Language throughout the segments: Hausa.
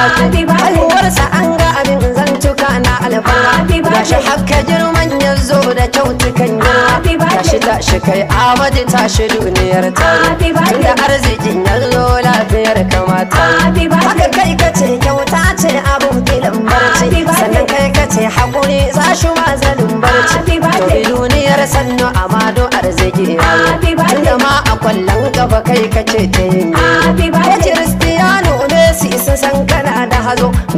haihuwarsa an ga abin zantuka na alfarma gashi haka girman ya zo da kyautukan girma gashi shi kai amadu shi duniyar ta tunda arzikin ya zo lafiyar kamata haka kai kace kyauta ce abin filin barci sannan kai kace haƙuri za shi ma zalin barci to duniyar sannu amado arziki tunda ma a kwallon gaba kai kace ta yin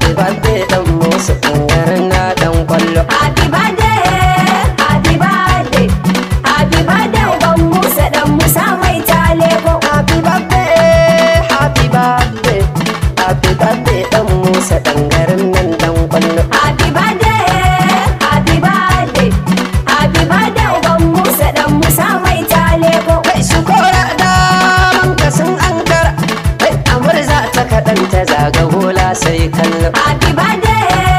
happy birthday dan musu garin na dan kwallo happy birthday happy birthday happy birthday musa dan musa mai tale ko happy birthday happy birthday happy birthday dan musa dan garin nan dan happy ta zaga hula sai kallo happy birthday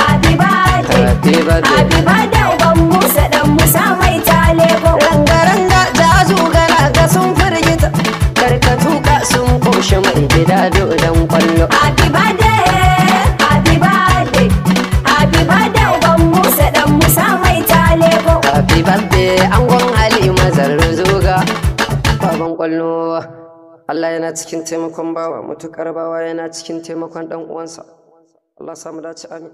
happy birthday happy birthday happy birthday ban musa dan musa mai tale ko rangaranga jazu gara ga sun firgita karkatu ka sun koshi mai gida do dan kwallo happy birthday happy birthday happy birthday ban musa dan musa mai tale ko happy birthday angon halima zarruzuga baban kwallo Allah yana cikin taimakon bawa mutukar bawa yana cikin taimakon ɗan uwansa Allah samu dace amin